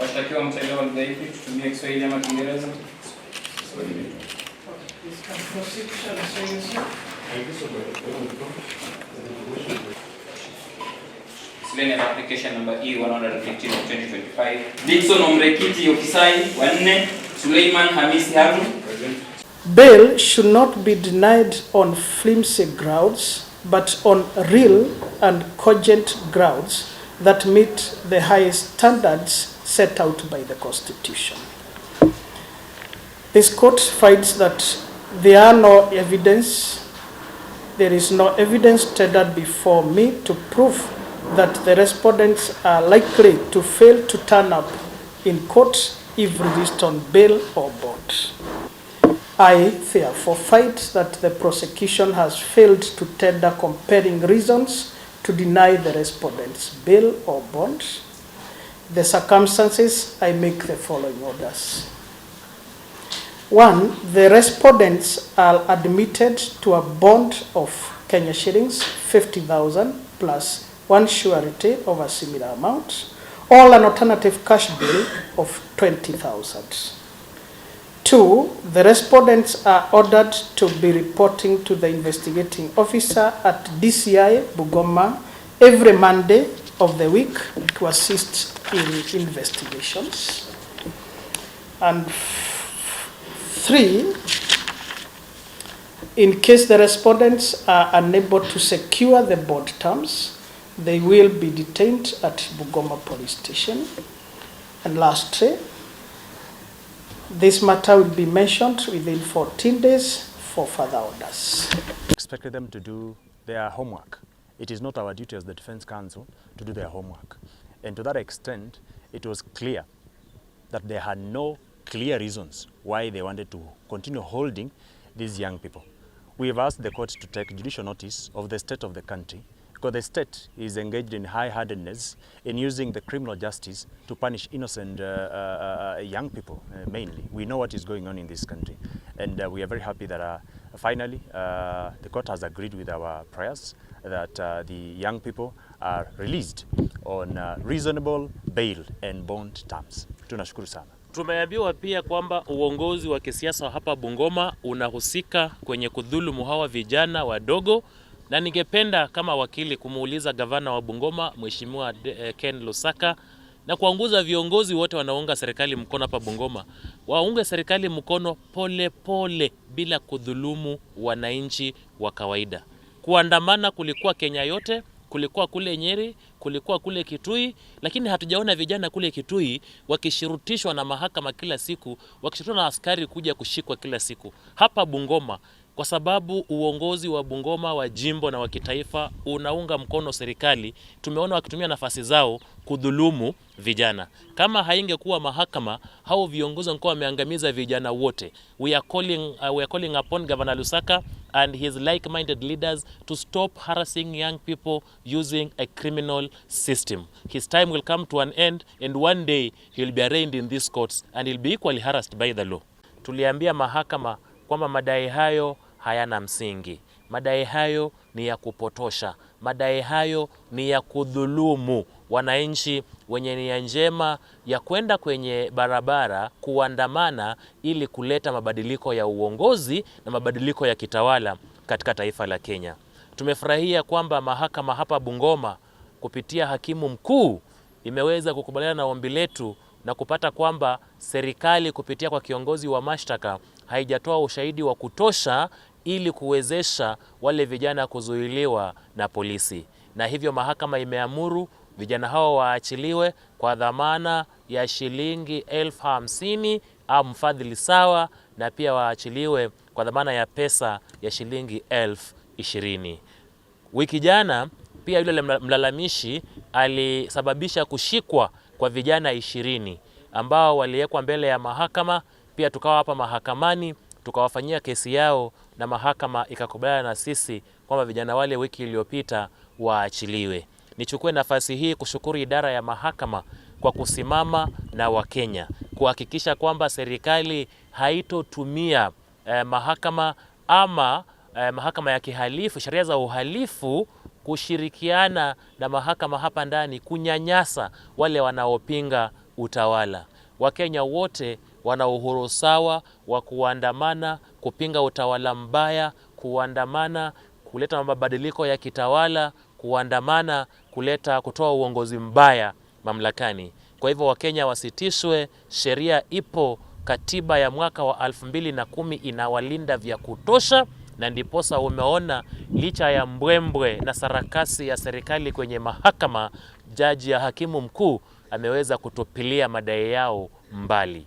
washtakiwa mtaelewa lugha ipi, tutumie Kiswahili ama Kiingereza? application number E115 2025. Dickson Omrekiti Ofisai wa nne, Suleiman Hamisi Harun. Bail should not be denied on flimsy grounds but on real and cogent grounds that meet the highest standards set out by the Constitution. This court finds that there are no evidence, there is no evidence tendered before me to prove that the respondents are likely to fail to turn up in court if released on bail or bond. I therefore fight that the prosecution has failed to tender compelling reasons to deny the respondents bail or bond the circumstances, I make the following orders. One, the respondents are admitted to a bond of Kenya shillings 50,000 plus one surety of a similar amount or an alternative cash bill of 20,000. Two, the respondents are ordered to be reporting to the investigating officer at DCI Bugoma every Monday of the week to assist in investigations. And three, in case the respondents are unable to secure the board terms, they will be detained at Bugoma Police Station. And lastly, this matter will be mentioned within 14 days for further orders. Expected them to do their homework it is not our duty as the Defense Council to do their homework. And to that extent, it was clear that they had no clear reasons why they wanted to continue holding these young people. We have asked the court to take judicial notice of the state of the country because the state is engaged in high-handedness in using the criminal justice to punish innocent uh, uh, uh, young people uh, mainly. We know what is going on in this country and uh, we are very happy that Finally, uh, the court has agreed with our prayers that uh, the young people are released on uh, reasonable bail and bond terms. Tunashukuru sana. Tumeambiwa pia kwamba uongozi wa kisiasa hapa Bungoma unahusika kwenye kudhulumu hawa vijana wadogo, na ningependa kama wakili kumuuliza gavana wa Bungoma Mheshimiwa eh, Ken Lusaka na kuanguza viongozi wote wanaunga serikali mkono hapa Bungoma, waunge serikali mkono pole pole, bila kudhulumu wananchi wa kawaida. Kuandamana kulikuwa Kenya yote, kulikuwa kule Nyeri, kulikuwa kule Kitui, lakini hatujaona vijana kule Kitui wakishurutishwa na mahakama kila siku, wakishurutishwa na askari kuja kushikwa kila siku. Hapa Bungoma kwa sababu uongozi wa Bungoma wa jimbo na wa kitaifa unaunga mkono serikali. Tumeona wakitumia nafasi zao kudhulumu vijana. Kama haingekuwa mahakama, hao viongozi wangekuwa wameangamiza vijana wote. We are calling, uh, we are calling upon Governor Lusaka and his like-minded leaders to stop harassing young people using a criminal system. His time will come to an end and one day he will be arraigned in these courts and he'll be equally harassed by the law. Tuliambia mahakama kwamba madai hayo hayana msingi. Madai hayo ni ya kupotosha, madai hayo ni ya kudhulumu wananchi wenye nia njema ya kwenda kwenye barabara kuandamana ili kuleta mabadiliko ya uongozi na mabadiliko ya kitawala katika taifa la Kenya. Tumefurahia kwamba mahakama hapa Bungoma kupitia hakimu mkuu imeweza kukubaliana na ombi letu na kupata kwamba serikali kupitia kwa kiongozi wa mashtaka haijatoa ushahidi wa kutosha ili kuwezesha wale vijana kuzuiliwa na polisi, na hivyo mahakama imeamuru vijana hao waachiliwe kwa dhamana ya shilingi elfu hamsini au mfadhili sawa, na pia waachiliwe kwa dhamana ya pesa ya shilingi elfu ishirini. Wiki jana pia yule mlalamishi alisababisha kushikwa kwa vijana ishirini ambao waliwekwa mbele ya mahakama. Pia tukawa hapa mahakamani tukawafanyia kesi yao na mahakama ikakubaliana na sisi kwamba vijana wale wiki iliyopita waachiliwe. Nichukue nafasi hii kushukuru idara ya mahakama kwa kusimama na Wakenya kuhakikisha kwamba serikali haitotumia eh, mahakama ama eh, mahakama ya kihalifu, sheria za uhalifu kushirikiana na mahakama hapa ndani kunyanyasa wale wanaopinga utawala. Wakenya wote wana uhuru sawa wa kuandamana kupinga utawala mbaya, kuandamana kuleta mabadiliko ya kitawala, kuandamana kuleta kutoa uongozi mbaya mamlakani. Kwa hivyo Wakenya wasitishwe, sheria ipo, katiba ya mwaka wa elfu mbili na kumi inawalinda vya kutosha, na ndiposa umeona licha ya mbwembwe na sarakasi ya serikali kwenye mahakama, jaji ya hakimu mkuu ameweza kutupilia madai yao mbali.